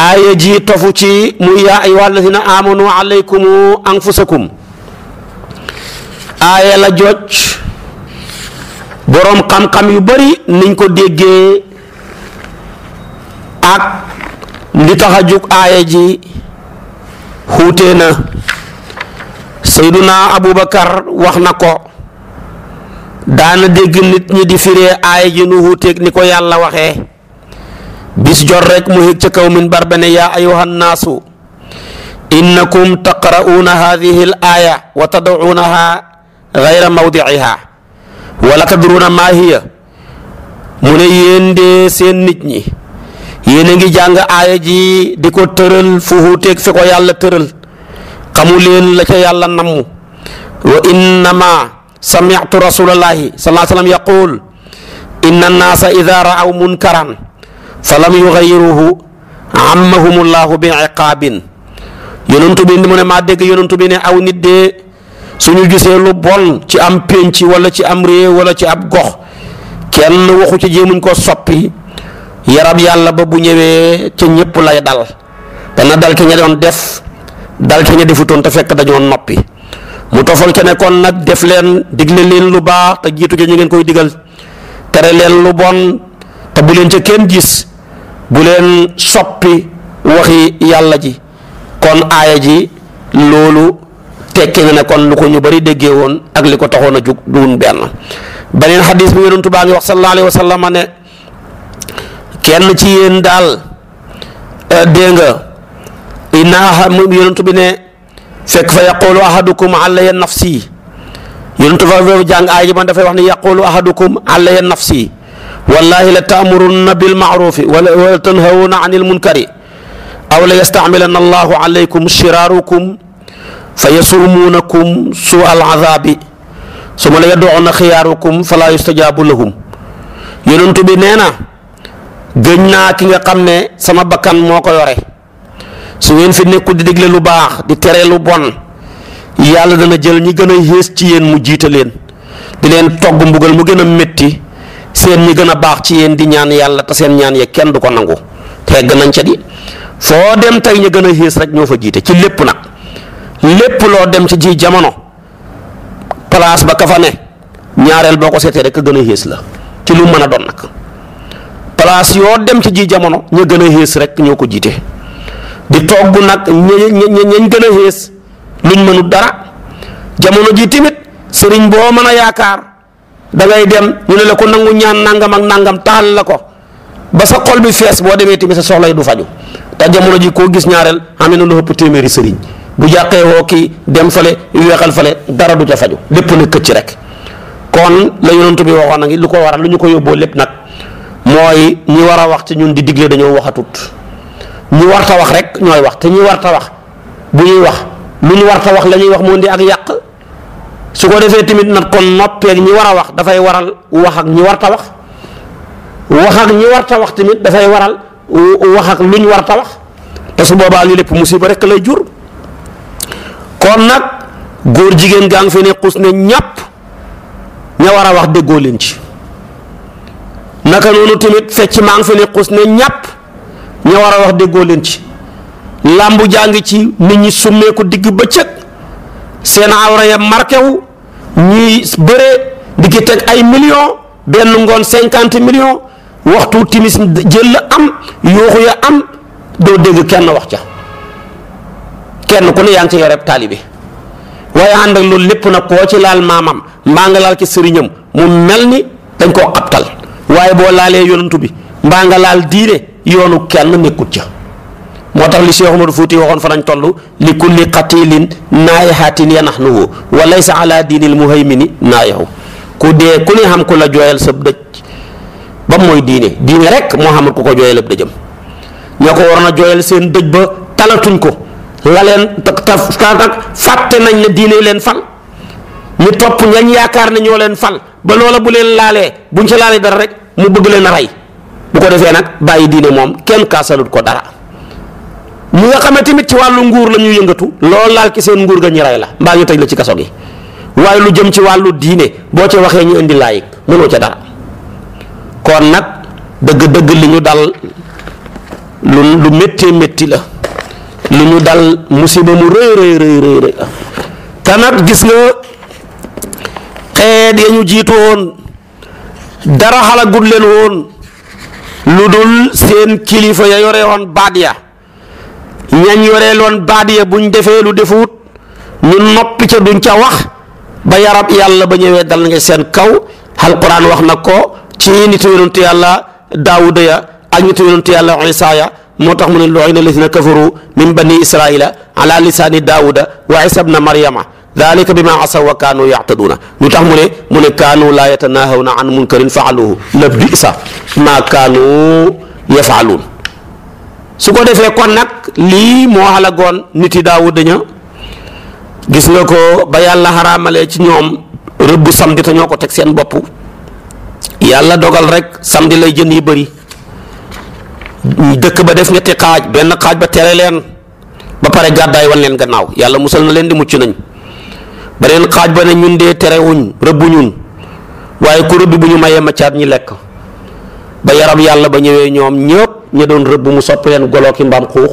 aaya ji tofu ci muy yaa ayyuha allazina amanu alaykum anfusakum aaya la jooj boroom xam-xam yu bari niñ ko déggee ak li tax a jug aaya ji xuutee na sayduna abubakar wax na ko daana dégg nit ñi di firee aaya ji nu xuuteeg ni ko yàlla waxee bis jot rek mu yëg ca kaw min barbe ne yaa ayuhan naasu innakum taqra'uuna haadihi l wa tad'uunaha gayra mu ne yéen de seen nit ñi yéen a ngi jàng aaya ji di ko tëral fu huuteeg fi ko yàlla tëral xamu leen la ca yàlla namm wa innama sami'tu rasulallahi sallallahu alayhi wa sallam yaqul inna ida ra'aw munkaran fa lam yuxayiruhu ammahumullaahu bi iqaabin yonentu bi mu ne maa dégg yonentu bi ne aw nit de su ñu gisee lu bon ci am pénc wala ci am réew wala ci ab gox kenn waxu ci jéemuñ ko soppi yarab yàlla ba bu ñëwee ca ñëpp lay dal dana dal ki ña doon def dal ki defu defutoon te fekk dañoo noppi mu tofal ca ne kon nag def leen digle leen lu baax te jiitu ca ñu ngeen koy digal tere leen lu bon te bu leen ca kenn gis bu leen soppi waxi yàlla ji kon aaya ji loolu tekki na ne kon lu ko ñu bari déggee woon ak li ko taxoon a jug duun benn beneen xadis bi yonentu baa ngi wax sallallahu alayhi wa sallam ne kenn ci yéen daal e, dégg nga inaa mu yonentu bi ne fekk fa yaqulu ahadukum alaya nafsi yonentu fa jàng aaya ji man dafay wax ne yaqulu ahadukum alaya nafsi wallahi la taamurunna bil maarufi wala tanhawuna anil munkari aw la yastacmilanna allahu alaykum shiraarukum fa yasurmuunakum suu al azaabi suma la yad'uuna xiyaarukum falaa yustajaabu lahum yonent bi nee na gëñ naa ki nga xam ne sama bakkan moo ko yore su ngeen fi nekkul di digle lu baax di tere lu bon yàlla dana jël ñi gën a yées ci yéen mu jiite leen di leen togg mbugal mu gën a métti seen ñi gën a baax ci yéen di ñaan yàlla te seen ñaan ya kenn du ko nangu tegg nañ ca di foo dem tey ñu gën a xiis rek ñoo fa jiite ci lépp nag lépp loo dem ci ji jamono place ba ka fa ñaareel boo ko seetee rek a gën a xiis la ci lu mën a doon nag place yoo dem ci ji jamono ñu gën a xiis rek ñoo ko jiite di togg nag ña ñañ gën a xiis luñ mënut dara jamono jii tamit sëriñ boo mën a yaakaar. da dem ñu ne la ko nangu ñaan nangam ak nangam taxal la ko ba sa xol bi fees boo demee tamit sa soxla yi du faju te jamono ji koo gis ñaareel am na lu ëpp téeméeri sëriñ bu jàqee woo kii dem fale weexal fale dara du ca faju lépp na këcc rek kon la yonent bi waxoon na ngi lu ko waral lu ñu ko yóbboo lépp nag mooy ñi war a wax ci ñun di digle dañoo waxatut ñu warta wax rek ñooy wax te ñu warta wax bu ñuy wax lu ñu warta wax la ñuy wax moo indi ak yàq su ko defee tamit nag kon noppeeg ñi war a wax dafay waral wax ak ñi warta wax wax ak ñi warta wax tamit dafay waral wax ak luñ warta wax te su boobaa li lépp musiba rek lay jur kon nag góor jigéen gaa ngi fi ne xus ne ñàpp ña war a wax déggoo leen ci naka noonu tamit fecc maa ngi fi ne xus ñàpp ña war a wax déggoo leen ci làmbu jaa ngi ci nit ñi summeeku digg bëccëg seen awra ya marqué wu ñuy bëree di ci teg ay millions benn ngoon cinquante million waxtu timis jël la am yooxu ya am doo dégg kenn wax ca kenn ku ne yaa ngi ca yoreb taalibe waaye ànd ak loolu lépp koo ci laal maamam mbaa nga laal ci sëriñam mu mel ni dañ koo xabtal waaye boo laalee yonantu bi mbaa nga laal diine yoonu kenn nekkut ca motax li cheikh oumar fouti waxon fa lañ tollu li kulli qatilin naihatin yanahnu wa laysa ala dinil muhaymini naihu ku de ku ne xam ku la joyal sa dej ba moy diine diine rek mo xam ku ko joyal ab dejam ñako warna joyal seen dej ba talatuñ ko la len tak tak fatte nañ ne diine len fal ñu top ñañ yaakar na ñoo len fal ba lola bu len laale buñ ci laale dara rek mu bëgg len ray bu ko defé nak bayyi diine mom kenn salut ko dara mu nga xamé tamit ci walu nguur lañu yëngatu lool laal ki seen nguur ga ñi ray la mbaa ñu tej la ci kasso gi waaye lu jëm ci walu diine boo ci waxee ñu indi laayik mënoo ca dara kon nag dëgg dëgg li ñu dal lu lu metti metti la lu ñu dal musiba mu rëy rëy rëy rëy rëy la te nag gis nga xeet ya ñu jiitu woon dara xalagut leen woon lu dul kilifa ya yore woon baat ya. ñañ yoreeloon baadiya buñ defee lu defuut ñu noppi ca duñ wax ba yarab yàlla ba ñëwee dal nga seen kaw alquran wax na ko ci nitu yonentu yàlla daawuda ya ak nitu yonentu yàlla isa ya moo tax mu ne lu'ina alladina kafaru min bani israila ala lisaani daawuda wa isa bna maryama dalika bi ma asaw wa kaanu yactaduuna mu tax mu ne mu ne kaanu laa yatanahawna an munkarin faaluhu la bisa maa kaanu yafaluun su ko defee kon nag lii moo xalagoon nit yi daawu daña gis nga ko ba yàlla xaraamale ci ñoom rëbb samdi te ñoo ko teg seen bopp yàlla dogal rekk samdi lay jën yi bari dëkk ba def ñetti xaaj benn xaaj ba tere leen ba pare gàddaay wan leen gannaaw yàlla musal na leen di mucc nañ beneen xaaj ba ne ñun dee terewuñ rëbb ñun waaye ku rëbb bu ñu mayee maccaat ñi lekk ba yaram yàlla ba ñëwee ñoom ñëpp ñi doon rëbb mu soppi leen golo ki mbaam xuux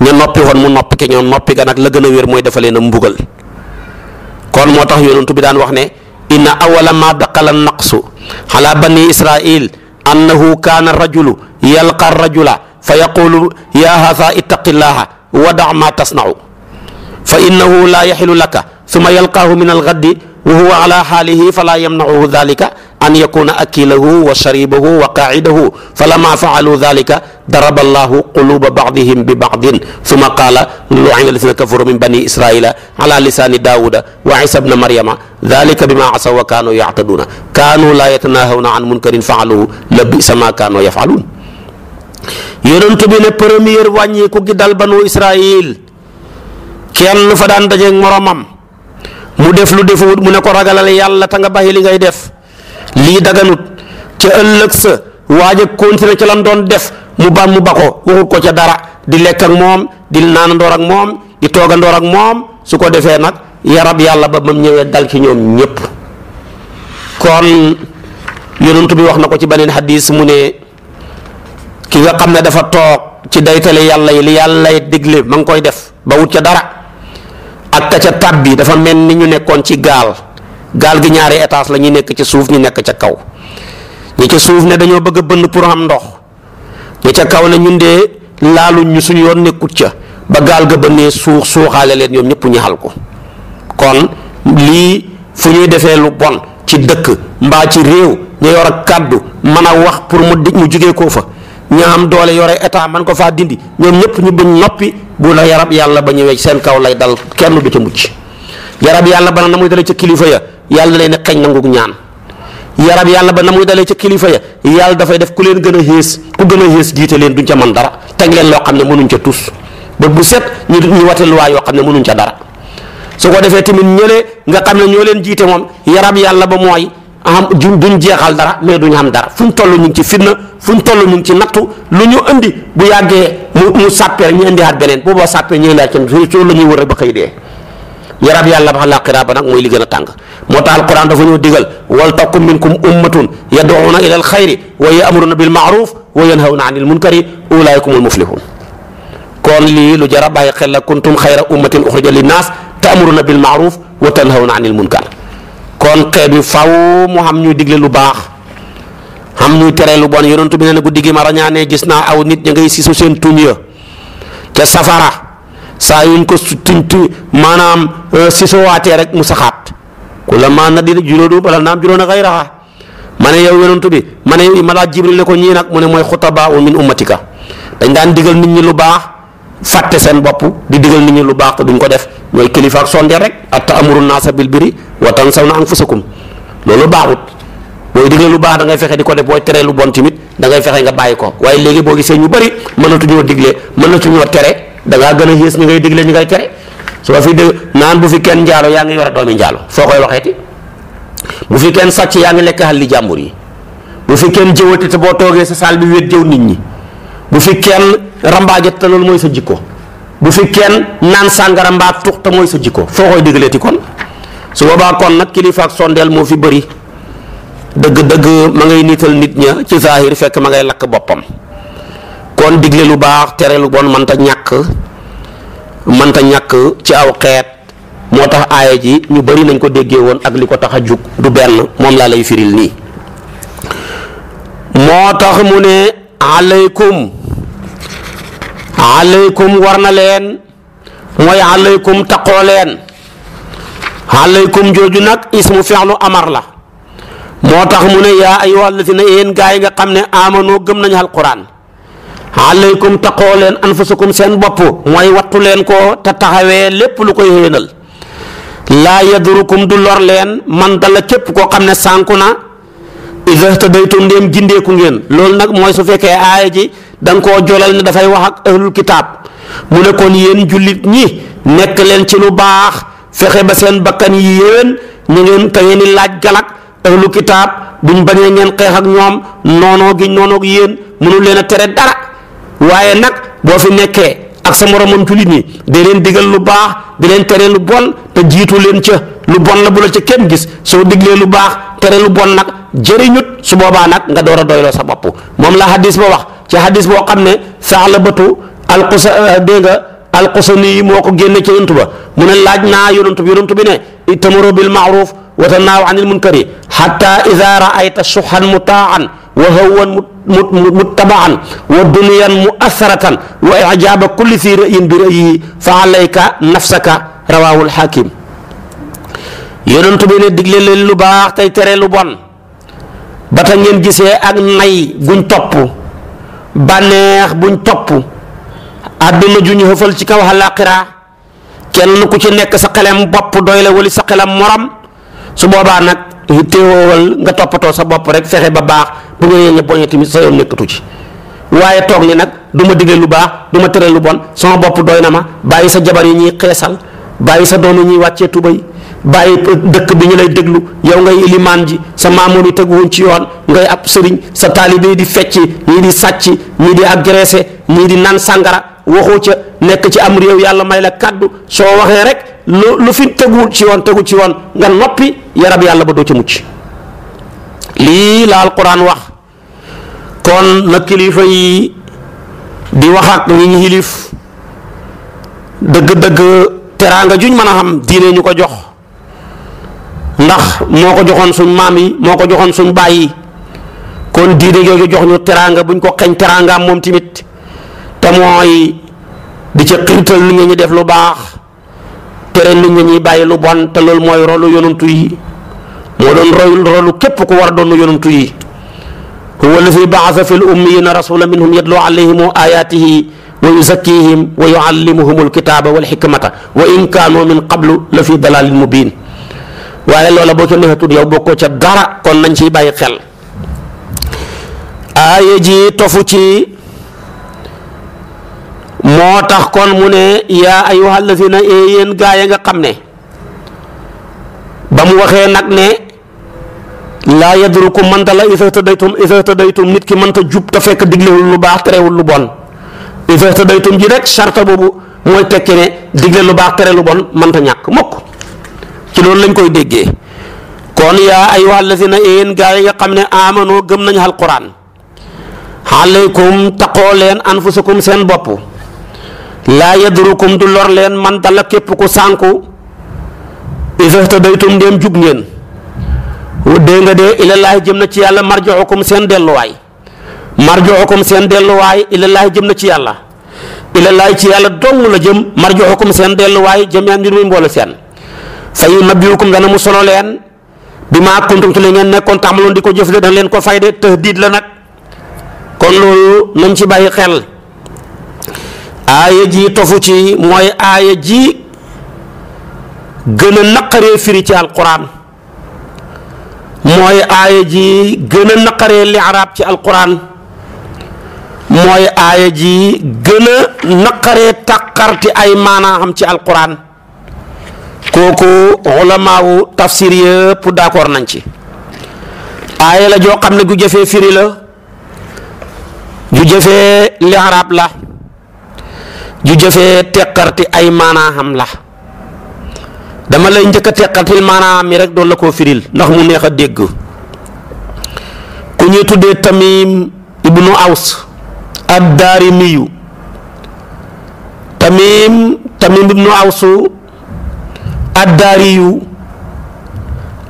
ña noppi woon mu noppi ki ñoom noppi ga nag la gën a wér mooy dafa leen a mbugal kon moo tax yonentu bi daan wax ne inna awala ma daqala naqsu ala bani israil annahu kaana rajulu yalqa rajula fa yaqulu ya haza ittaqillaha wa da ma tasnau fa innahu la yaxilu laka suma yalqaahu min algaddi wa huwa ala xaalihi fala yamnauhu dalika an yakuna akilahu wa sharibahu wa qaidahu falamma faalu dhalika daraba allahu quluba baadihim bi baadin thumma qaala lu'ina alladhina kafaru min bani israila ala lisani dawuda wa isa bna maryama dhalika bima asaw wa kanu ya'taduna kanu la yatanahawna an munkarin faaluhu la bisa ma kanu yafalun yonent bi ne première wàññiku gi dal banu israil kenn fa daan dajeeg moromam mu def lii daganut ca ëllëg sa waaja continué ca lam doon def mu ban mu ko waxut ko ca dara di lekk ak moom di naanandoor ak moom di toogandoor ak moom su ko defee nag yarab yàlla ba bam ñëwee dal ci ñoom ñépp kon yonent bi wax na ko ci beneen xadis mu ne ki nga xam ne dafa toog ci daytale yàlla yi li yàlla digle ma ngi koy def ba wut ca dara ak ka ca tab bi dafa mel ni ñu nekkoon ci gaal gaal gi ñaari étage la ñu nekk ci suuf ñu nekk ca kaw ñu ca suuf ne dañoo bëgg a bënn pour am ndox ñi ca kaw ne ñun dee laaluñ ñu suñu yoon nekkut ca ba gaal ga bënnee suux suuxaale leen ñoom ñëpp ñu xal ko kon lii fu ñuy defee lu bon ci dëkk mbaa ci réew ñu yor ak kàddu mën a wax pour mu di mu jugee koo fa ñu am doole yore état man ko faa dindi ñoom ñëpp ñu bañ noppi bu la yaram yàlla ba ñëwee seen kaw lay dal kenn du ca mucc. yarab yàlla ba na muy dalee ca kilifa ya yàlla leen xeñ nangu ñaan yarab yàlla ba na muy dalee ca kilifa ya yàlla dafay def ku leen gën a xées ku gën a xées jiite leen duñ ca mën dara teg leen loo xam ne mënuñ ca tus ba bu set ñu ñu watal waa yoo xam ne mënuñ ca dara su ko defee tamit ñële nga xam ne ñoo leen jiite moom yarab yàlla ba mooy am duñ jeexal dara mais duñ am dara fu ñu toll ñu ngi ci fitna fu ñu toll ñu ngi ci nattu lu ñu indi bu yàggee mu mu sàppee ñu indi at beneen booboo sàppee ñu ngi laaj kenn su la ñuy wër ba xëy dee yarab yàlla ba làqira ba nag mooy li gën a tàng moo tax alquran dafa ñoo digal wal takun minkum ummatun yad'una ila alxayri wa ya'muruna bil ma'ruf wa yanhawna anil munkari ulaikumul muflihun kon li lu jar a bàyyi xel la kuntum xayra ummatin uxrija linnaas ta'muruna bil ma'ruf wa tanhawna anil munkar kon xeet wi faw mu xam ñuy digle lu baax xam ñuy tere lu bon yonentu bi ne na guddi gi ma rañaanee gis naa aw nit ña ngay sisu seen tuñ ya ca safara sa yuñ ko tuñtu manam e, si soo waatee rek mu saxaat kula man maa na dina juróodu bala nam juróon a xay raxa yow yonantu bi mané ne malaa jibril ne ko ñii nag mu ne wa min ummatika dañ daan digal nit ñi lu baax fàtte sen bop di digal nit ñi lu baax duñ ko def moy kilifa ak sonde rek at nasa bil biri wa tansawna anfusakum lolu baaxut booy digal lu baax da ngay fexé di def terai téré lu bon timit da ngay fexé nga légui ko gisé ñu bari mënatu ñu diglé mënatu digle téré da nga gëna yées ñi ngay diglé ñi ngay téré su fi de naan bu fi kenn jaalo ya ngi war doomi jaalo so koy waxeeti bu fi kenn sacc ya ngi lek xal li jàmbur yi bu fi kenn jëwati te bo toogee sa sal bi wét jëw nit ñi bu fi kenn rambaaje te lool moy sa jikko bu fi kenn naan sàngara mbaa tuk te moy sa jikko so koy ti kon su ba kon nak kilifa ak sondel mo fi bëri deug deug ma ngay nital nit ñi ci zahir fekk ma ngay lak bopam kon digle lu baax tere lu bon mënta ñàkk mënta ñakk ci aw xeet moo tax aaya ji ñu bari nañ ko déggee woon ak li ko tax a jug du benn moom laa lay firil nii moo tax mu ne alaykum alaykum war na leen mooy alaykum taqoo leen alaykum jooju nag ismu fi'lu amar la moo tax mu ne yaa wàll lazina yéen gaa yi nga xam ne amanoo gëm nañu alquran alaykum taqoo leen anfusakum seen bopp mooy wattu leen ko te taxawee lépp lu koy héenal laa yadurukum du lor leen man dala képp koo xam ne sànku na iza tadaytum ndéem jindeeku ngeen loolu nag mooy su fekkee aaya ji da nga koo jolal ne dafay wax ak ahlul kitaab mu ne kon yéen jullit ñi nekk leen ci lu baax fexe ba seen bakkan yi yéen ñu ngeen te ngeen di laaj galak ahlul kitaab buñ bañee ngeen xeex ak ñoom noonoo gi noonoo gi yéen leen tere dara waaye nag boo fi nekkee ak sa moromam jullit nii di leen digal lu baax di leen tere lu bon te jiitu leen ca lu bon la bu la ca kenn gis soo diglee lu baax tere lu bon nag jëriñut su boobaa nag nga door a doyloo sa bopp moom la hadis ba wax ci hadis boo xam ne saalabatu alqusa euh, dégg nga alqusani yi moo ko génne ci yonent ba mu ne laaj naa yonent bi yonent bi ne itamaru bil maaruf wa tanaaw anil munkari hatta ida raayta suxan mutaan wa hawan muttabaan wa duniyan muasaratan wa ijaaba kulli si ra'yin bi ra'yi fa alayka nafsaka rawaahul hakim yonent bi ne digle leen lu baax tey tere lu bon ba ta ngeen gisee ak nay guñ topp bànneex buñ topp àdduna ju ñu xëfal ci kaw àllaaxira kenn ku ci nekk sa xelam bopp doy la wali sa xelam morom su boobaa nag téewoowal nga toppatoo sa bopp rek fexe ba baax bu ñëwee nga boñe tamit sa yoon nekkatu ci waaye toog ni nag du ma lu baax du ma tere lu bon sama bopp doy na ma bàyyi sa jabar yi ñuy xeesal bàyyi sa doom yi ñuy wàccee tubéy bàyyi dëkk bi ñu lay déglu yow ngay ilimaan ji sa maamoom yi teguwuñ ci yoon ngay ab sëriñ sa taalibe yi di fecc ñii di sàcc ñii di agressé ñii di naan sàngara waxoo ca nekk ci am réew yàlla may la kàddu soo waxee rek lu lu fi teguwul ci yoon tegu ci yoon nga noppi yarab yàlla ba doo ca mucc lii la alquran wax kon na kilifa yi di waxaat ak ñi ñu xilif dëgg-dëgg teraanga juñ mën a xam diine ñu ko jox ndax moo ko joxoon suñ maam yi moo ko joxoon suñ bàyyi yi kon diine yooyu jox ñu teraanga buñ ko xeñ teraangaam moom tamit te mooy di ca xiirtal nit ñi def lu baax tere nit ñi ñuy bàyyi lu bon te loolu mooy rolu yonantu yi ودون رول رول كيف كو وار دون يونتو يي هو الذي بعث في الاميين رسولا منهم يدلو عليهم اياته ويزكيهم ويعلمهم الكتاب والحكمه وان كانوا من قبل لفي ضلال مبين وعلى لولا بوكو نهتو ديو بوكو تا دارا كون نانشي باي خيل ايه جي توفوتي موتاخ كون موني يا ايها الذين ايين غايا غا خامني بام واخه نك laa yadruku mënta la day isa tadaytum isa tadaytum nit ki mënta jub te fekk diglewul lu baax terewul lu bon day tadaytum ji rek sarta boobu mooy tekki ne digle lu baax tere lu bon mënta ñàkk mukk ci loolu lañ koy déggee kon yaa ayyuha allazina yéen gaa yi nga xam ne amanoo gëm nañu alquran alaykum taqoo leen anfusakum seen bopp laa yadrukum du lor leen man dala képp ku sànku day tadaytum ndéem jub ngeen dégg nga de ilallaahi jëm na ci yàlla marjuukum seen delluwaay marjuukum seen delluwaay ilallaahi jëm na ci yàlla ilallaahi ci yàlla dong la jëm marjuukum seen delluwaay jamii'an mbir muy mboole seen fa yunabbi'ukum dana mu solo leen bi maa kuntum ci la ngeen nekkoon taxamaloon di ko jëf de dana leen ko fay de tahdiid la nag kon loolu nañ ci bàyyi xel aaya ji tofu ci mooy aaya ji gën a naqaree firi ci alquran mooy aaya ji gën a naqaree li araab ci alquran mooy aaya ji gën a naqaree ay maanaa ci ci alquran kooku ulamaawu tafsir yëpp d'accord nañ ci aaye la joo xam ne gu jëfee firi la ju jëfee li araab la ju jëfee teqarti ay maanaa la dama lay ñëk a teqatil maanaam mi rek do la ko firil ndax mu neexa a dégg ku ñuy tuddé tamim ibnu aws ad miyu, tamim tamim ibnu aws ad daariyu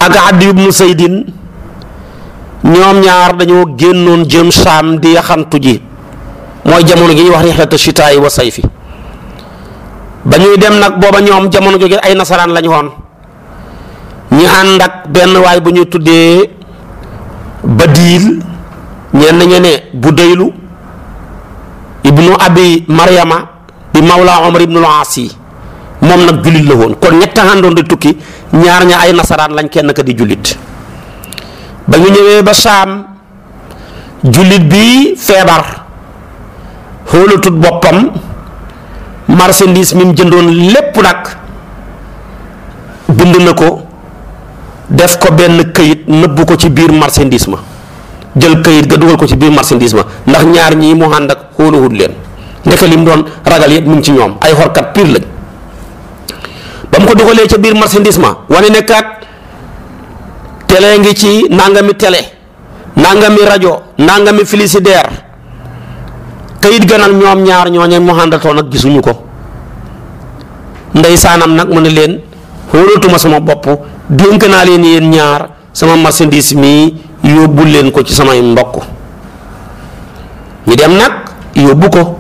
ak ad ibnu saydin ñom ñaar dañoo gennon jëm sham di xantu ji moy jamono gi wax ni xata shitaa wa sayfi ba ñuy dem nag booba ñoom jamono jooju ay nasaraan lañu woon ñu ànd ak benn waay bu ñu tuddee Badiil ñenn ñe ne Budaylu ibnu abi Maryama di Mawla Omar ibnu Laas yi moom nag jullit la woon kon ñett àndoon di tukki ñaar ña ay nasaraan lañ kenn ka di jullit ba ñu ñëwee ba saam jullit bi feebar xoolatut boppam. marchandise mi mu jëndoon lépp nag bind na ko def ko benn kayit nëbbu ko ci biir marchandise ma jël kayit ga dugal ko ci biir marchandise ma ndax ñaar ñii mu ànd ak xóoluwut leen ndeke li mu doon ragal yëpp mu ngi ci ñoom ay xorkat piir lañ ba mu ko dugalee ca biir marchandise ma wane ne kat télé ngi ci nangami télé nangami rajo nangami filisideer kayit ganal ñoom ñaar ñe mu àndatoon nak gisunu ko ndeysaanam nak mu ne len xóolatuma sama bop denk na len yeen ñaar sama marchandise mi yobul len ko ci sama mbokk ñu dem nak yobbu ko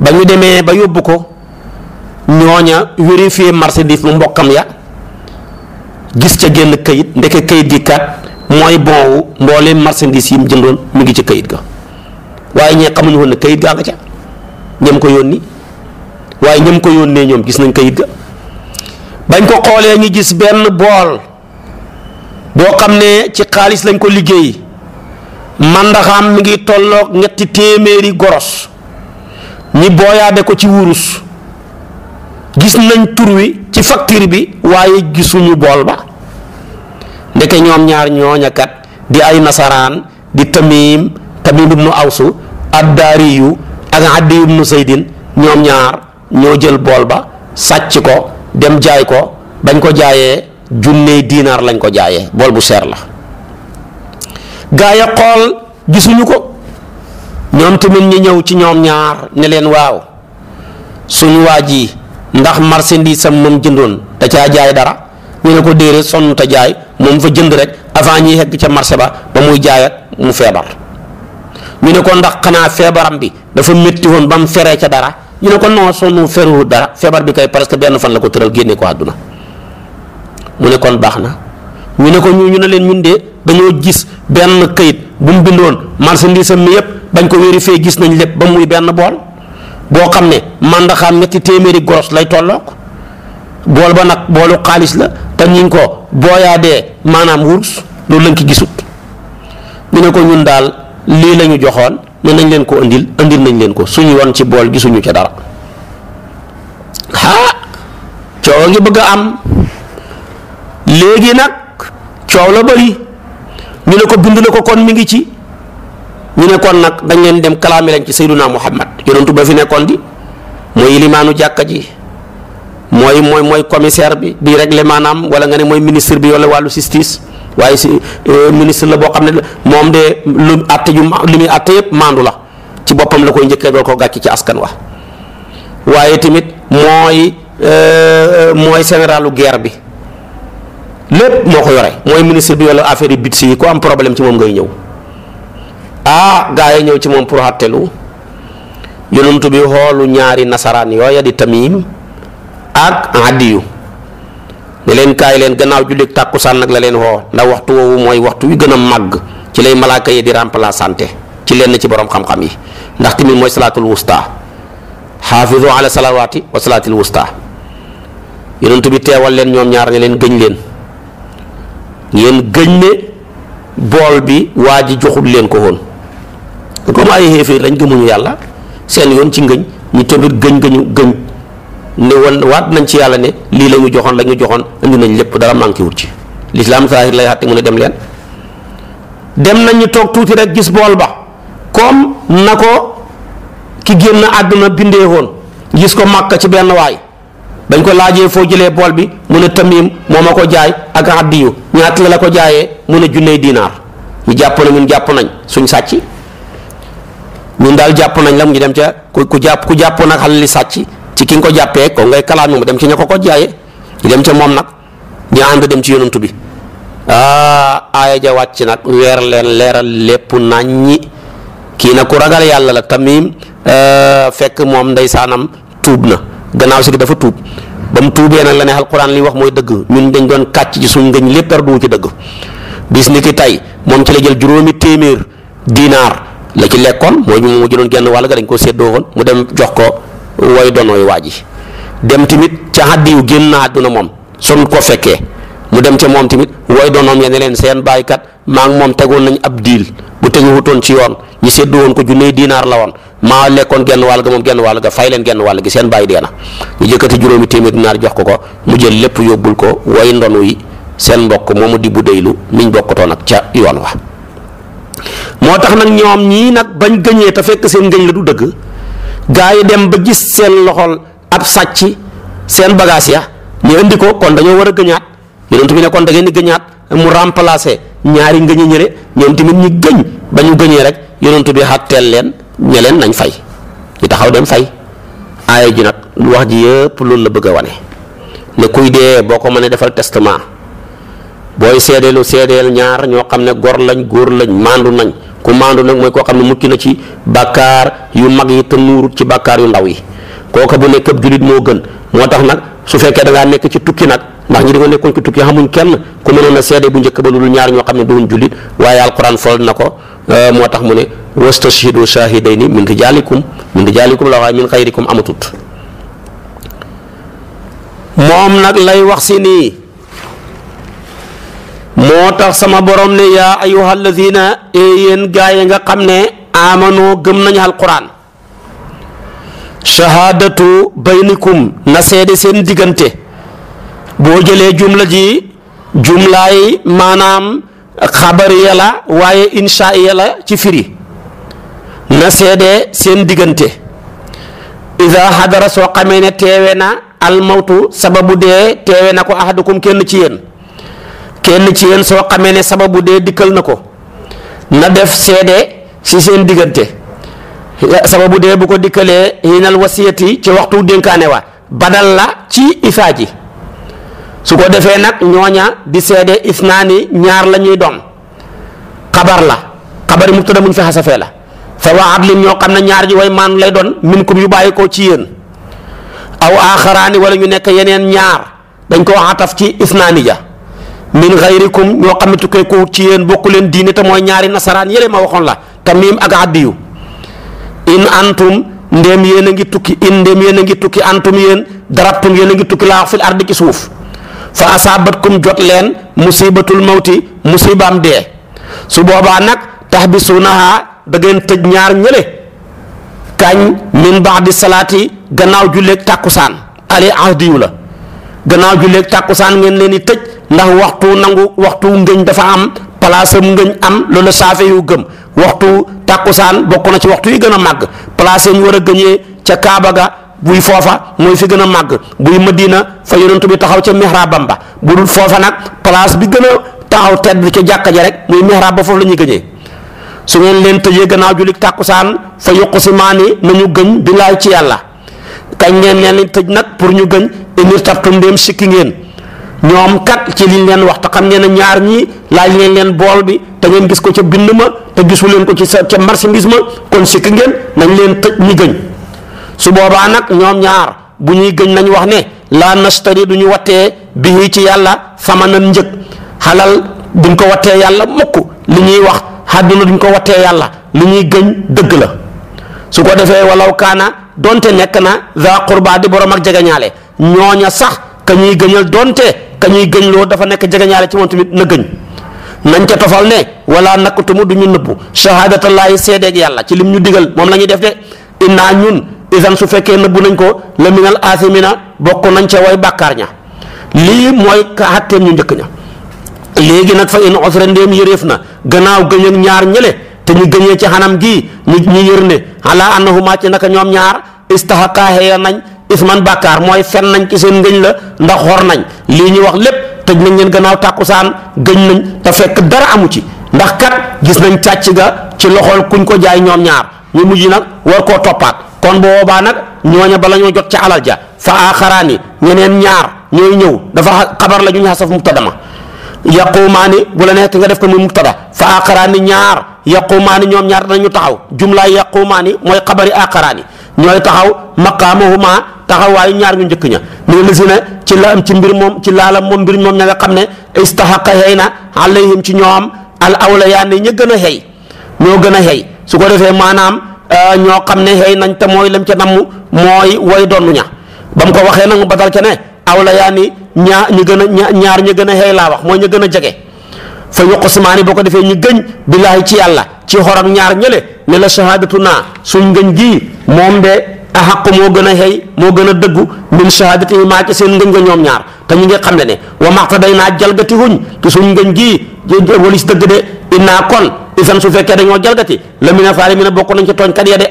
ba ñu deme ba yobbu ko ñoña vérifier marchandise mu mbokam ya gis ca genn keuyit ndeke keuyit gi kat moy bon wu mbooleem marchandise yi mu jëndoon mu ngi ci keuyit ga waaye ñee xamuñu woon ne kayit gaa nga ca ñam ko yónni waaye ñam ko yónnee ñoom gis nañ kayit ga bañ ko xoolee ñu gis benn bool boo xam ne ci xaalis lañ ko liggéey mandaxaam mi ngi tolloog ñetti téeméeri goros ñi booyaade ko ci wurus gis nañ tur wi ci facture bi waaye gisuñu bool ba ndeke ñoom ñaar ñooña kat di ay nasaraan di tamim tamim ibnu awsu addaari yu ak addi ibnu saydin ñoom ñaar ñoo jël bool ba sàcc ko dem jaay ko bañ ko jaayee junney diinaar lañ ko jaayee bool bu seer la gaay a xool gisuñu ko ñoom tamit ñi ñëw ci ñoom ñaar ne leen waaw suñu waa ji ndax marchandise sam moom jëndoon da caa jaay dara ñu ne ko déere sonn te jaay moom fa jënd rek avant ñuy hegg ca marché ba ba muy jaayat mu feebar ñu ne ko ndax xanaa feebaram bi dafa métti woon ba mu feree ca dara ñu ne ko non sonn feruwul dara feebar bi kay que benn fan la ko tëral génne ko àdduna mu ne kon baax na ñu ne ko ñu ñu ne leen ñun de dañoo gis benn kayit bu mu bindoon marchandise am mi yëpp bañ ko vérifier gis nañ lépp ba muy benn bool boo xam ne màndaxaan ñetti téeméeri goros lay tollook bool ba nag boolu xaalis la te ñu ngi ko booyaadee maanaam wurus loolu lañ ko gisut ñu ne ko ñun daal. li lañu joxoon ne nañ leen ko andil andil nañ leen ko suñu won ci bool suñu ci dara ha ciow ngi bëgg am legi nak ciow la bari ñu ne ko bind ko kon mi ngi ci ñu ne kon nak dañ leen dem kalaami lañ ci sayyiduna muhammad yoonu ba fi kondi, di moy limanu jakka ji moy moy moy commissaire bi bi règlement maanaam wala nga ne moy ministre bi wala walu justice waaye si euh, ministre la boo xam ne moom de lu àtte ju muy àtte yëpp maandu la ci boppam la koy njëkkee dool ko gàcc ci askan wa waaye tamit mooy euh, mooy généralu guerre bi lépp moo ko yore mooy ministre du yore affaire yi budget yi ko am problème ci moom ngay ñëw ah gaa yi ñëw ci moom pour àttelu yonent bi xoolu ñaari nasaraan yooya di tamim ak adiyu ne leen kenau leen gannaaw julik takusan nak la leen woo ndax waxtu woowu moy waxtu wi gëna mag ci lay malaaka yi di remplaçante ci leen ci borom xam-xam yi ndax timi moy salatul wusta hafizu ala salawati wa salatil wusta yonentu bi teewal leen ñom ñaar ne leen gëñ leen ngeen gëñ ne bol bi waji joxul leen ko ko ma ay hefe lañ gëmuñu yalla seen yoon ci ngëñ ñu gëñ gëñu gëñ ne wan waat nañ ci yàlla ne lii la ñu joxoon la ñu joxoon indi nañ lépp dara manqué wut ci lislaam saahir lay xàtte mu ne dem leen dem nañ ñu toog tuuti rek gis bool ba comme na ko ki génn àdduna bindee woon gis ko màkk ci benn waay dañ ko laajee foo jëlee bool bi mu ne tamim moo ma ko jaay ak abdiyu ñaata la la ko jaayee mu ne junney dinaar ñu jàpp na ñun jàpp nañ suñ sàcc ñun daal jàpp nañ la mu ñu dem ca ku jàpp ku jàppoon ak xale li sàcc ci ki nga ko jàppee ko ngay kalaame mu dem ci ña ko ko jaaye ñu dem ca moom nag ñu ànd dem ci yonantu bi ah aaya ja wàcc nag weer leen leeral lépp naññi kii nag ku ragal yàlla la tamim eh, fekk moom ndey saanam tuub na gannaaw si dafa tuub ba mu tuubee nag la ne alquran li wax mooy dëgg ñun dañ doon kàcc ci suñ ngëñ lépp perdu ci dëgg bis ni ki tey moom ci la jël juróomi téeméer dinaar la ci lekkoon mooy mu jëloon genn wàll ga dañ ko séddoo mu dem jox ko way donooy waa ji dem tamit ca xaddiyu génn na moom sonut ko fekkee mu dem ca moom tamit way donoom ya ne leen seen bàyyikat maa ngi moom tegoon nañ ab diil bu wutoon ci yoon ñu seddu woon ko junney diinaar la woon maa lekkoon genn wàll ga moom genn wàll ga fay leen genn wàll gi seen bàyyi dee na ñu jëkkati juróomi téeméer naar jox ko ko mu jël lépp yóbbul ko way ndonu yi seen mbokk moomu di bu deylu miñ bokkatoon ak ca yoon wa moo tax nag ñoom ñii nag bañ gëñee te fekk seen ngëñ la du dëgg gaa yi dem ba gis seen loxol ab sàcc seen bagage ya ñu indi ko kon dañoo war a gëñaat yonent bi ne kon da ngeen di gëñaat mu remplacer ñaari ngëñe ñële ñoom tamit ñu gëñ ba ñu gëñee rek yonent bi xàtteel leen ñe leen nañ fay ñu taxaw dem fay aaya ji nag wax ji yëpp loolu la bëgg a wane ne kuy dee boo ko mënee defal testament booy seedeelu sedeel ñaar ñoo xam ne gor lañ góor lañ maandu nañ commando nak moy ko xamne mukki na ci bakar yu mag yi te nuurut ci bakar yu ndaw yi kooka bu nekk julit mo gën motax nak su fekke da nga nek ci tukki nak ndax ñi di ko nekkoon ci tukki xamuñ kenn ku mëna na sédé bu ñëk ba lu ñaar ño xamne doon julit waaye alquran fol nako euh, mu ne wastashidu shahidaini min rijalikum min rijalikum la min amatut mom nak lay wax ci ni moo tax sama borom ne yaa ayuha alladina yéen gaa yi nga xam ne amanoo gëm nañu alquran shahaadatu baynikum na seede seen diggante boo jëlee jumla ji jumlaay maanaam xabariya la waaye inshaiya la ci firi na seede seen diggante ida hadara soo xamee ne teewe na almawtu sababu dee teewe na ko ahadukum kenn ci yéen kenn ci yéen soo xamee ne sababu dee dikkal na ko na def seede ci seen diggante sababu dee bu ko dikkalee hinal wasiyati ci waxtu dénkaane wa badal la ci isaa ji su ko defee nag ñooña di seede isnaani ñaar lañuy ñuy doon xabar la xabari mubtada muñ fi xasafee la fa waxaat lim ñoo xam ne ñaar ji way maanu lay doon minkum yu bàyyi ko ci yéen aw aaxaraani wala ñu nekk yeneen ñaar dañ ko waxataf ci isnaani ja min xayrikum ñoo xam ne tukkee ko ci yéen bokku leen diine te mooy ñaari nasaraan yële ma waxoon la tamim ak addiyu in antum ndéem yéen a ngi tukki in ndéem yéen a ngi tukki antum yéen darabtum yéen a ngi tukki laa wax fil ardi ci suuf fa asaabatkum jot leen musibatul mawti musibaam dee su boobaa nag tahbisuunahaa da ngeen tëj ñaar ñële kañ min baadi salaati gannaaw julleeg tàkkusaan ale ahdiyu la gannaaw julleeg tàkkusaan ngeen leen di tëj ndax waxtu nangu waxtu ngëñ dafa am palaasam ngëñ am loolu saafe yu gëm waxtu tàkkusaan bokk na ci waxtu yi gën a màgg place ñu war a gëñee ca Kaaba ga buy foofa mooy fi gën a màgg buy Madina fa yonentu bi taxaw ca mihrabam ba bu dul foofa nag place bi gën a taxaw tedd ca jàkka ja rek muy mihrab ba foofu la ñuy gëñee su ngeen leen tëjee gannaaw julik tàkkusaan fa yuqu si maani nañu gëñ bi laay ci yàlla kañ ngeen leen tëj nag pour ñu gëñ inir tabtum ndéem sikki ngeen ñoom kat ci liñ leen wax te xam ngeen ñaar ñi laaj leen leen bool bi te ngeen gis ko ca bind ma te gisu leen ko ci ca marchandise kon sikk ngeen nañ leen tëj ñi gëñ su boobaa nag ñoom ñaar bu ñuy gëñ nañ wax ne la nastari duñu wattee bihi ci sama samanan njëg halal duñ ko wattee yàlla mukk li ñuy wax haduna duñ ko wattee yàlla li ñuy gëñ dëgg la su ko defee walaw kaana donte nekk na za qurba di borom ak nyale ñooña sax ka ñuy gëñal donte kañuy gëñ loo dafa nekk jege jegeñaale ci moom tamit na gëñ nañ ca tofal ne wala naktumu du ñu nëbbu shahadatallaahi seedeeg yàlla ci lim ñu digal moom la ñuy def de innaa ñun isan su fekkee nëbbu nañ ko la minal asimina bokk nañ ca way bàkkaar ña lii mooy xatteem ñu njëkk ña léegi nag fa in osra ndéem yëréef na gannaaw gëñ ak ñaar ñële te ñu gëñee ci xanam gii ñu ñu yër ne ala annahuma ci naka ñoom ñaar istaxaqaa xeya nañ isman bàkkaar mooy fen nañ ci seen ngëñ la ndax xor nañ lii ñuy wax lépp tëj nañ leen gannaaw tàkkusaan gëñ nañ te fekk dara amu ci ndax kat gis nañ càcc ga ci loxool kuñ ko jaay ñoom ñaar ñu mujj nag war koo toppaat kon bu boobaa nag ñooña bala ñoo jot ca alal ja fa aaxaraani ñeneen ñaar ñooy ñëw dafa xabar la ñu ñu xasaf mubtada ma yaqumaani bu la neexee nga def ko muy mubtada fa aaxaraani ñaar yaqumaani ñoom ñaar danañu taxaw jumlaay maani mooy xabari aaxaraani ñooy taxaw maqaamahuma taxawaayu ñaar ñu njëkk ña mu ne lisina ci la ci mbir moom ci laa la moom mbir moom ña nga xam ne istahaqa xëy na alayhim ci ñoo ñoom al la yaa ne ña gën a xëy ñoo gën a xëy su ko defee maanaam euh, ñoo xam ne xëy nañ te mooy lam ca namm mooy woy donnu ña ba mu ko waxee nag mu batal ca ne la yaa ni ñaar ñu gën a ñaar ñu gën a xëy laa wax mooy ña gën a jege fa yuqsimaani boo ko defee ñu gëñ billaahi ci yàlla ci xor ñaar ñële ne la shahaadatu naa suñ gëñ gii moom de a axaqu moo gën a xëy moo gën a dëggu min shahadati maa ci seen ngëñ nga ñoom ñaar te ñu ngi xam ne ne wa maxta day naa jalgati huñ ci suñ ngëñ gii walis dëgg de innaa kon isan su fekkee dañoo jalgati la mi na faari mi na bokk nañ ci tooñkat ya de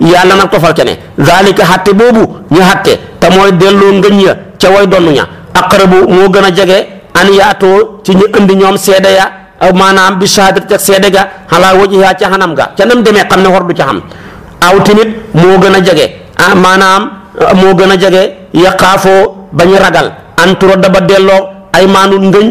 yàlla nag tofal ke ne zalika xatte boobu ñu xatte te mooy delloo ngëñ ya ca way donnu ña aqrabu moo gën a jege an yaatoo ci ñu indi ñoom seede ya maanaam bi shahadati teg seede ga xalaa wajiha ca xanam ga ca nam demee ca xam aw tamit moo gën a jege ah maanaam ah, moo gën a jege yaqaafoo bañ ragal antura daba delloo ay maanul ngëñ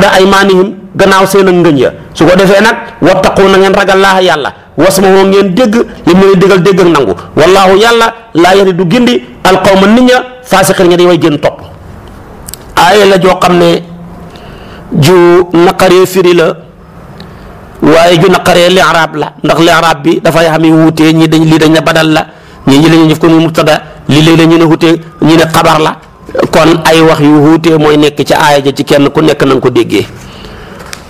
da ay maanihim gannaaw seen ak ngëñ ya su ko defee nag wattaqu na ngeen ragal laaha yàlla wasmahu ngeen dégg li mu leen déggal dégg ak nangu wallaahu yàlla laa yari du gindi alqawma nit ña faasiqin nga di way gën topp aaya la joo xam ne ju naqaree firi la waaye ju naqaree li'raab la ndax li'raab bi dafay xam ne wuutee ñi dañ lii dañ ne badal la ñi ñi la ñu def ko nu mubtada lii léeg la ñu ne wutee ñu ne xabar la kon ay wax yu wuutee mooy nekk ci aaya ja ci kenn ku nekk na ko déggee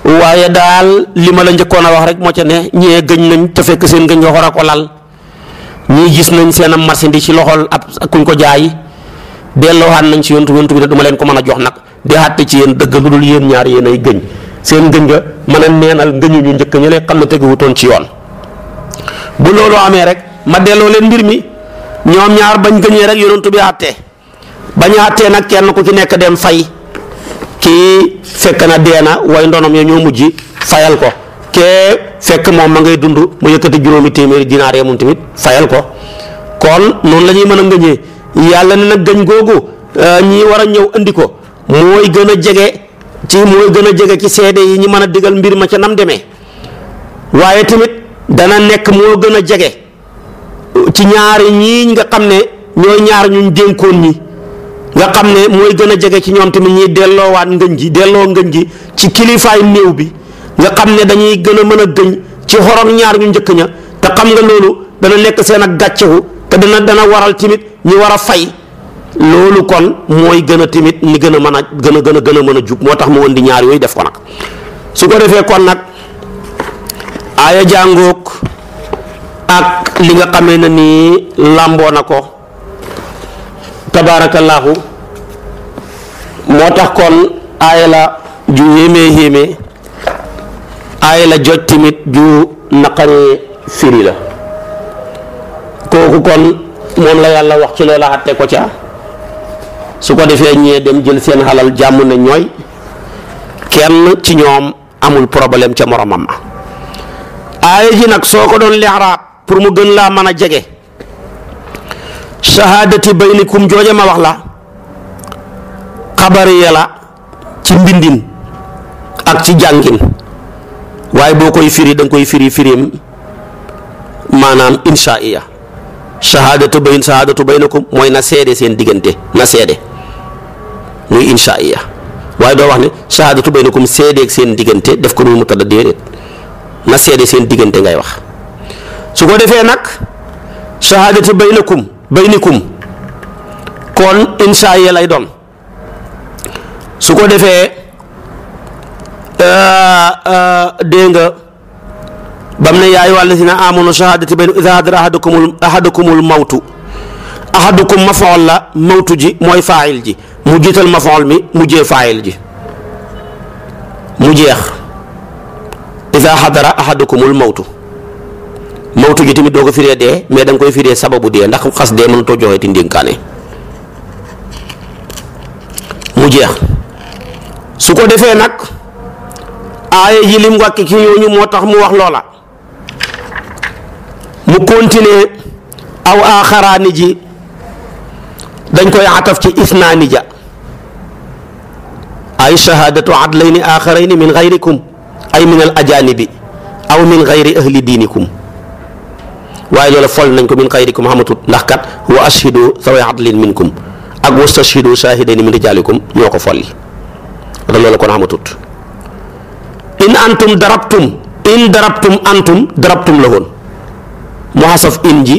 waaye daal li ma la njëkkoon a wax rek moo ca ne ñee gëñ nañ te fekk seen gëñ nga war a ko lal ñii gis nañ seen a am marchandise ci loxol ab kuñ ko jaay delloowaat nañ ci yoon yontu bi ne du ma leen ko mën a jox nag di àtte ci yéen dëgg lu dul yéen ñaar yéen ay gëñ seen ngëñ nga mën a neenal ngëñu ñu njëkk ñu ne xam ne teguwutoon ci yoon bu loolu amee rek ma delloo leen mbir mi ñoom ñaar bañ gëñee rek yonentu bi àttee bañ àttee nag kenn ku ci nekk dem fay kii fekk na dee na way ndonom ya ñoo mujj fayal ko fekk moom ma ngay dund mu yëkkati juróomi téeméeri dinaar ya tamit fayal ko kon noonu la mën a ngëñee yàlla ne nag gëñ googu euh, ñi war a ñëw indi ko mooy gën a jege ci mooy gën a jege ci seede yi ñi mën a digal mbir ma ca nam demee waaye tamit dana nekk moo gën a jege ci ñaari ñii nga xam ne ñooy ñaar ñu dénkoon ñi nga xam ne mooy gën a jege ci ñoom tamit ñiy delloowaat ngëñ gi delloo ngën gi ci kilifaay néew bi nga xam ne dañuy gën a mën a gëñ ci xorom ñaar ñu njëkk ña te xam nga loolu dana nekk seen ak gàccewu te dana dana waral tamit ñi war a fay loolu kon mooy gën a timit ni gën a mën a gën a gën a gën a mën a jub moo tax mu indi ñaar yooyu def ko nag su ko defee kon nag aaya jàngook ak li nga xamee na ni làmboo na ko tabaarakallaahu moo tax kon aaya la ju yéemee yéemee aaya la joj timit ju naqaree firi la kooku kon moom la yàlla wax ci loola xatte ko ca su ko defee ñee dem jël seen xalal jàmm na ñooy kenn ci ñoom amul problème ca moromam ma aaya ji nag soo ko doon lixraab pour mu gën laa mën a jege shahaadati baynikum jooja ma wax la xabariya la ci mbindin ak ci jàngin waaye boo koy firi danga koy firi firim maanaam insha iya shahaadatu bayn shahaadatu baynakum mooy na seede seen diggante na seede muy incha iya waaye doo wax ne shahadatu baynakum seedeeg seen diggante def ko muy mu tadda déedéet na seede seen diggante ngay wax su ko defee nag shahadatu baynakum baynikum kon incha iya lay doon su ko defee euh, euh, dégg nga bam ne yaay wàll si na amoon shahadatu baynakum idaa hadara ahadakumul ahadakumul mawtu ahadukum mafaol la mawtu ji mooy faayil ji mu jiital mafaol mi mu jee faayil ji mu jeex ida xadara ahadukumul mawtu mawtu ji tamit doo ko firee dee mais da koy firee sababu dee ndax xas dee mënutoo joxee ti ndénkaane mu jeex su ko defee nag aaya yi lim wàkki ci ñooñu moo tax mu wax loola mu continuer aw aaxaraani ji دنج كو يعطف تي اثنان جا اي شهاده عدلين اخرين من غيركم اي من الاجانب او من غير اهل دينكم واي لول فول من غيركم حمتو ناخ كات هو اشهد سوى عدل منكم اك واستشهدوا من رجالكم نيوكو فولي دا لول كون ان انتم ضربتم ان ضربتم انتم ضربتم لهون محاسف انجي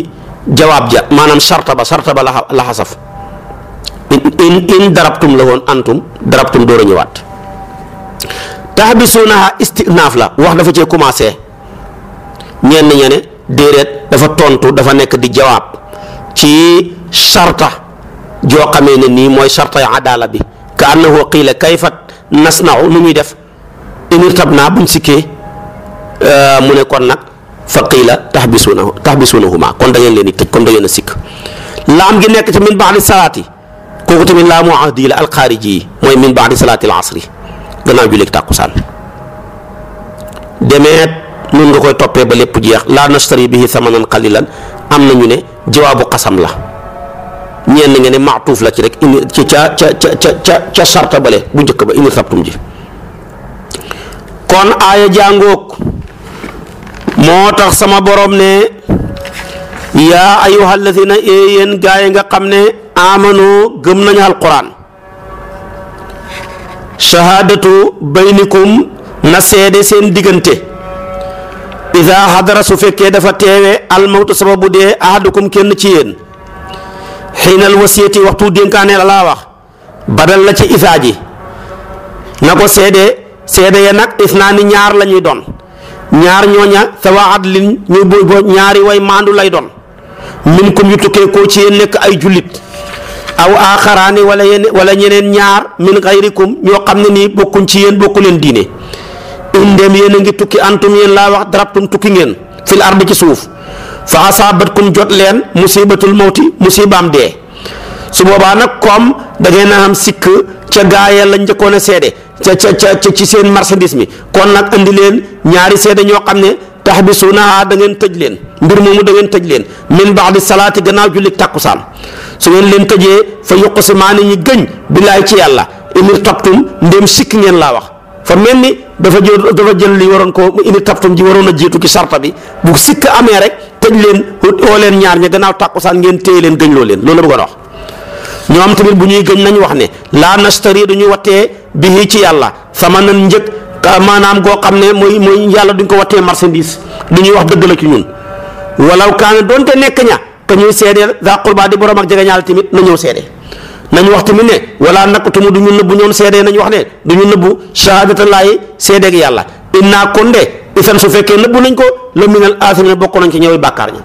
جواب جا مانام شرطه با شرطه in in daraptum la won antum daraptum do rañu wat tahbisunaha istinaf la wax dafa ci commencé ñen ñene deret dafa tontu dafa nek di jawab ci sharta jo xamé ne nii sharta ya adala bi ka annahu qila kayfa nasnau nu muy def tabna buñ sike euh, mu ne kon nak fa qila tahbisunahu tahbisunahuma kon da ngeen leen di tëj comme da ngeen sik lam gi nek ci min ba'di salati kooku tamit la muaddi al khariji moy min al salaati alasri gannaaw lek takusan demet nun nga koy topé ba lepp jeex la nastari bihi samanan qalilan amna ñu ne jawabu qasam la ñen nga ne ma'tuf la ci rek ci ci ci ci ci sarta bale bu jëk ba inu sabtum ji kon aya jangok motax sama borom ne ya ayuha alladina ee gaay nga xamne aamanoo gëm nañu alquran shahaadatu baynikum na seede seen diggante ida hadara su fekkee dafa teewe almawtu sababu dee ahadukum kenn ci yéen xiinal wasiyati waxtu dénkaane la laa wax badal la ci isaa ji na ko seede seede ya nag isnaani ñaar la doon ñaar ñooña sawa adlin ñu ñaari way maandu lay doon min yu tukkee koo ci yéen nekk ay jullit aw aaxaraani wala yéen wala ñeneen ñaar min xayrikum ñoo xam ne nii bokkuñ ci yéen bokku leen diine indem yéen a ngi tukki antum yéen laa wax darabtum tukki ngeen fil ardi ci suuf fa asaabatkum jot leen musibatul mawti musibaam dee su boobaa nag comme da ngeen a am sikk ca gaa ya la njëkkoon a seede ca ca ca ci seen marchandise mi kon nag andi leen ñaari seede ñoo xam ne. bi taxbisuunahaa da ngeen tëj leen mbir moomu da ngeen tëj leen min baadi salaati gannaaw jullik tàkkusaan su ngeen leen tëjee fa yuqsimaani ñi gëñ billaay ci yàlla inir tabtum ndem sikk ngeen laa wax fa mel ni dafa jël dafa jël li waroon ko inir tabtum ji waroon a jiitu ci sarta bi bu sikk amee rek tëj leen oo leen ñaar ñi gannaaw tàkkusaan ngeen téye leen gëñ loo leen loolu la wax ñoo ñoom tamit bu ñuy gëñ nañ wax ne laa nastari dañuy ñu wattee bihi ci yàlla sama nan njëg maanaam goo xam ne mooy mooy yàlla duñ ko wattee marchandise du ñuy wax dëgg la ci ñun walaw kaana doonte nekk ña te ñuy seede daa qurbaa di borom ak jegeñaal tamit na ñëw seede nañ wax tamit ne wala naktumu du ñu nëbbu ñoom seede nañ wax ne du ñu nëbbu shahadata laayi seedeeg yàlla innaa kon de isan su fekkee nëbbu nañ ko la minal aasimiin bokk nañ ci ñëwee bàkkaar ñi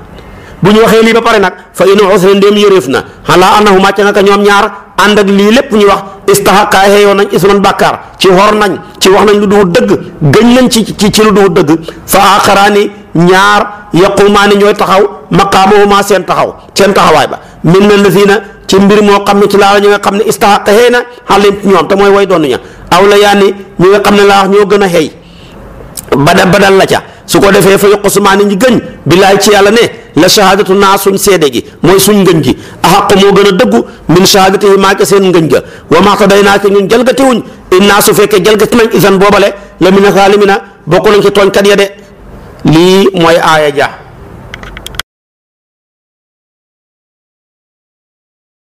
bu ñu waxee lii ba pare nag fa in usrin ndéem yëréef na xalaa annahuma ca naka ñoom ñaar ànd ak lii lépp ñu wax istahaqa xeeyoo nañ isman bàkkaar ci xor nañ ci wax nañ lu duhu dëgg gëñ nañ ci ci ci lu duhu dëgg fa axaraani ñaar yaqumaani ñooy taxaw maqaamahuma seen taxaw seen taxawaay ba min allazina ci mbir moo xam ne ci laa ñu nga xam ne istahaqa xëy na xalim ñoom te mooy way doon ña aw la yaani ñi nga xam ne laa wax ñoo gën a xëy bada badal la ca su ko defee fa yokk sumaani ñi gëñ billaay ci yàlla ne la shahadatu naa suñ seede gi mooy suñ ngëñ gi axaqu moo gën a dëggu min shahadati yi maake seen ngëñ ga wa maa taday naa ci ñun jalgatiwuñ innaa su fekkee jalgati nañ isan boobale la mina zaalimina bokk nañ ci tooñkat ya de lii mooy aaya ja